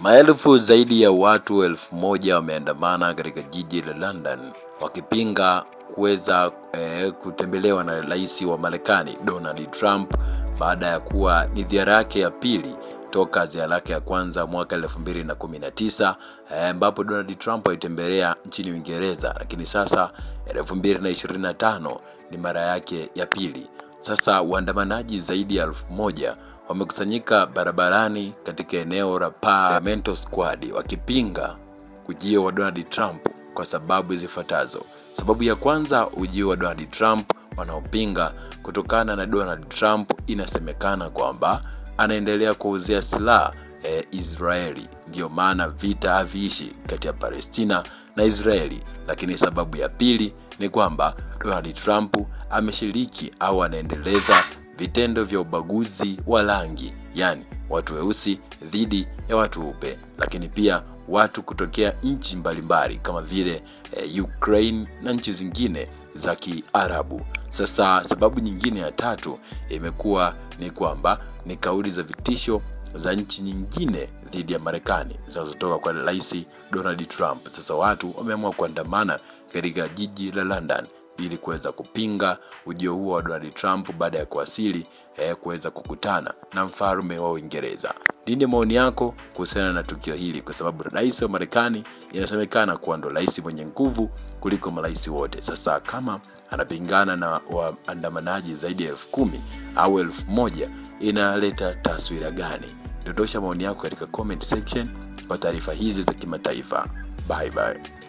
Maelfu zaidi ya watu elfu moja wameandamana katika jiji la London wakipinga kuweza eh, kutembelewa na rais wa Marekani Donald Trump baada ya kuwa ni ziara yake ya pili toka ziara yake ya kwanza mwaka elfu mbili na kumi na tisa eh, ambapo eh, Donald Trump alitembelea nchini Uingereza, lakini sasa elfu mbili na ishirini na tano ni mara yake ya pili. Sasa waandamanaji zaidi ya elfu moja wamekusanyika barabarani katika eneo la Parliamentary Square wakipinga ujio wa Donald Trump kwa sababu zifuatazo. Sababu ya kwanza, ujio wa Donald Trump wanaopinga kutokana na Donald Trump inasemekana kwamba anaendelea kuuzia silaha e, Israeli. Ndiyo maana vita haviishi kati ya Palestina na Israeli. Lakini sababu ya pili ni kwamba Donald Trump ameshiriki au anaendeleza vitendo vya ubaguzi wa rangi, yani watu weusi dhidi ya watu weupe, lakini pia watu kutokea nchi mbalimbali kama vile e, Ukraine na nchi zingine za Kiarabu. Sasa sababu nyingine ya tatu imekuwa ni kwamba ni kauli za vitisho za nchi nyingine dhidi ya Marekani zinazotoka kwa Rais Donald Trump. Sasa watu wameamua kuandamana katika jiji la London ili kuweza kupinga ujio huo wa Donald Trump baada ya kuwasili eh, kuweza kukutana na mfalme wa Uingereza. Nini maoni yako kuhusiana na tukio hili? Kwa sababu rais wa Marekani inasemekana kuwa ndo rais mwenye nguvu kuliko marais wote. Sasa kama anapingana na waandamanaji zaidi ya elfu kumi au elfu moja inaleta taswira gani? Dondosha maoni yako katika comment section kwa taarifa hizi za kimataifa. Bye bye.